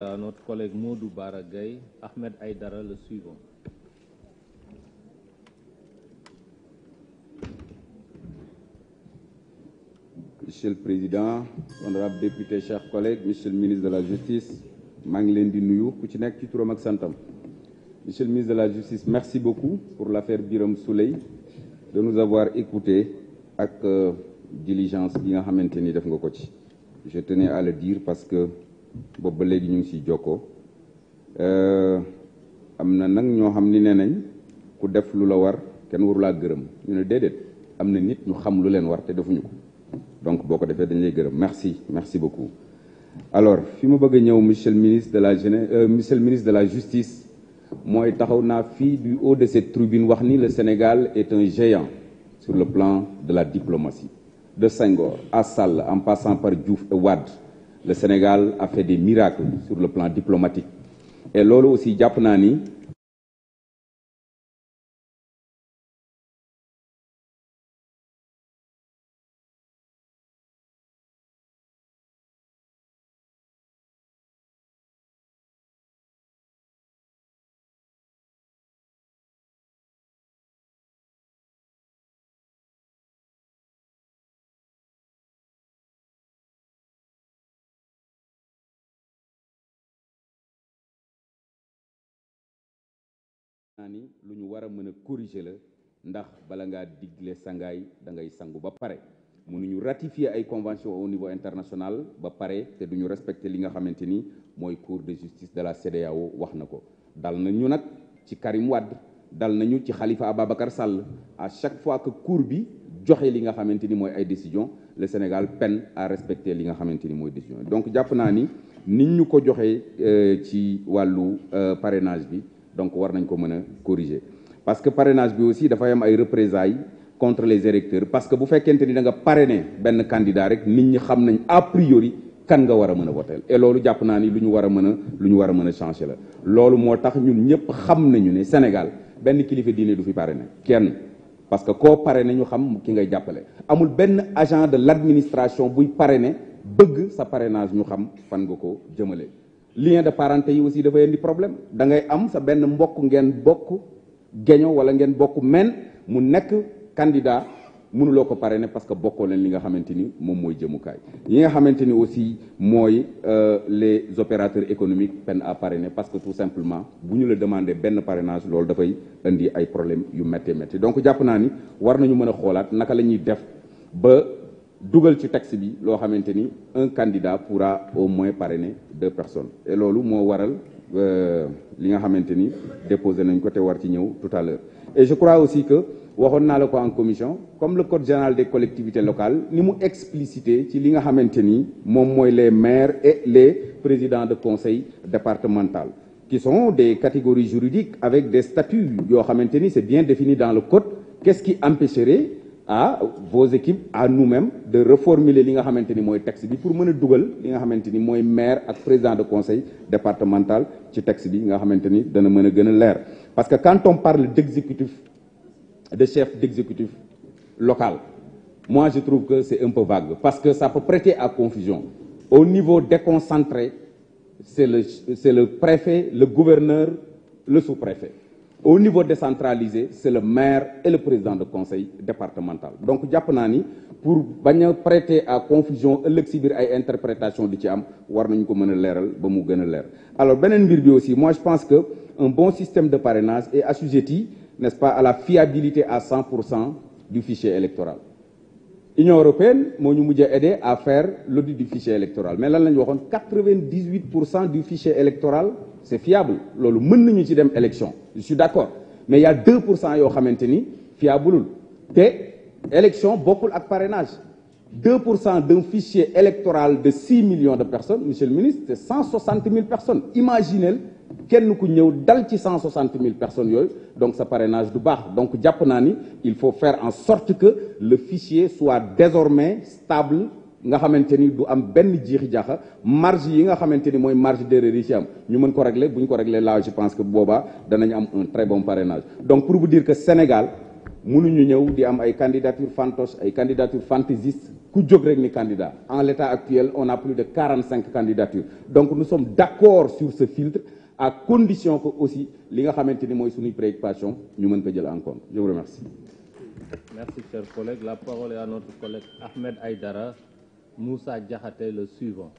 À euh, notre collègue Modou Baragay, Ahmed Aïdara, le suivant. Monsieur le Président, honorable député, chers collègues, Monsieur le ministre de la Justice, maa ngi leen di nuyu ku ci nekk ci turam ak santam. Monsieur le ministre de la Justice, merci beaucoup pour l'affaire Birame Souleye de nous avoir écoutés ak euh, diligence bi nga xamante ni def nga ko ci. Je tenais à le dire parce que boobu ba léegi ñu ngi siy jokkoo eh, am na nag ñoo xam ni nee nañ ku def lu la war kenn warulaa gërëm ñu ne déedéet am na nit ñu xam lu leen war te defuñu ko donc boo ko defee dañ lay gërëm merci merci beaucoup. alors fi mu bëgg ñëw monsieur ministre de la jeunesse monsieur le ministre de la justice mooy taxaw naa fii du haut de cette tribune wax ni le Sénégal et un géant sur le plan de la diplomatie de Senghor à Sall en passant par Diouf et le Sénégal a fait des miracles sur le plan diplomatique et loolu aussi jàpp naa ni naa ni lu ñu war a mën a corriger la ndax bala ngaa digle sangaay da ngay sangu ba pare mënuñu ratifier ay convention au niveau international ba pare te ñu respecter li nga xamante ni mooy cour de justice de la CEDEAO wax na ko dal na ñu nag ci Karim wàdd dal nañu ci Khalifa Ababacar Sall à chaque fois que cour bi joxe li nga xamante ni mooy ay décision le Sénégal penn à respecter li nga xamante ni mooy décision donc jàpp naa ni nit ñu ko joxee euh, ci wàllu euh, parrainage bi donc war nañ ko mën a corriger parce que parrainage bi aussi dafay am ay représailles contre les électeurs parce que bu fekkente ni da nga ne benn candidat rek nit ñi xam nañ a priori kan nga war a mën a woteel et loolu jàpp naa ni lu ñu war a mën a lu ñu war a mën a changer la loolu moo tax ñun ñëpp xam nañu ne Sénégal benn kilifa diine du fi pare parrainé kenn parce que koo parrainé ñu xam ki ngay jàppale amul benn agent de l'administration buy parrainé bëgg sa parrainage ñu xam fan nga ko jëmale lien de parenté yi aussi dafay indi problème da ngay am sa benn mbokk ngeen bokk geño wala ngeen bokk men mu nekk candidat mënuloo ko parrainer parce que bokkoo leen li nga xamante ni moom mooy jëmukaay yi nga xamante ni aussi mooy euh, les opérateurs économiques peine à parrainer parce que tout simplement bu ñu la demandé benn parrainage loolu dafay indi ay problème yu métti métti donc jàpp naa ni war nañu mën a xoolaat naka la ñuy def ba dugal ci texte bi loo xamante ni un candidat pourra au moins parrainer deux personnes et loolu moo waral euh, li nga xamante ni déposé nañ ko te war ci ñëw tout à l'heure et je crois aussi que waxoon naa la ko en commission comme le code général des collectivités locales ni mu explicité ci li nga xamante ni moom mooy les maires et les présidents de conseil départemental qui sont des catégories juridiques avec des statuts yoo xamante ni c'est bien défini dans le code qu'est-ce qui empêcherait ah vos équipes à nous-mêmes de reformuler li nga xamante ni mooy texte bi pour mën a dugal li nga xamante ni mooy maire ak président de conseil départemental ci texte bi nga xamante ni dana mën a gën a leer parce que quand on parle d'exécutif de chef d'exécutif local moi je trouve que c'est un peu vague parce que ça peut prêter à confusion au niveau déconcentré c'est le c'est le préfet le gouverneur le sous-préfet au niveau décentralisé c'est le maire et de conseil départemental donc jàpp naa ni pour bañ a à confusion ëllëg si ay interprétation di ci am war nañu ko mën a leeral ba mu gën a leer alors beneen mbir aussi moi je pense que un bon système de parrainage est assujetti nest à la fiabilité à 100 pour cent du fichier électoral Union moo ñu mujj a aidé à faire l'audit du fichier électoral mais lan la ñu waxoon 98 pour cent du fichier électoral c'est fiable loolu mën nañu ci dem élection je suis d'accord mais il y a pour cent yoo xamante ni fiabulul te élection bokkul ak parrainage 2 pour cent d'un fichier électoral de 6 millions de personnes monsieur le ministre c'est 160 000 personnes imaginez kenn ku ñëw dal ci 160 000 personnes yooyu donc sa parrainage du baax donc jàpp naa ni il faut faire en sorte que le fichier soit désormais stable nga xamante ni du am benn jiixi jaaxa marge yi nga xamante ni mooy marge d'erreur yi ci am ñu mën ko régler buñ ko régler là je pense que booba danañ am un très bon parrainage donc pour vous dire que Sénégal ñu ñëw di am ay candidature fantoche ay candidature fantaisiste ku jóg rek ni candidat en l'état actuel a plus de 45 candidatures donc nous sommes d'accord sur ce filtre à condition que aussi li nga xamante ni mooy suñuy préoccupation ñu mën ko jël en compte je vous remercie merci cher collègue la parole est à notre collègue Moussa Diakhaté le suivant.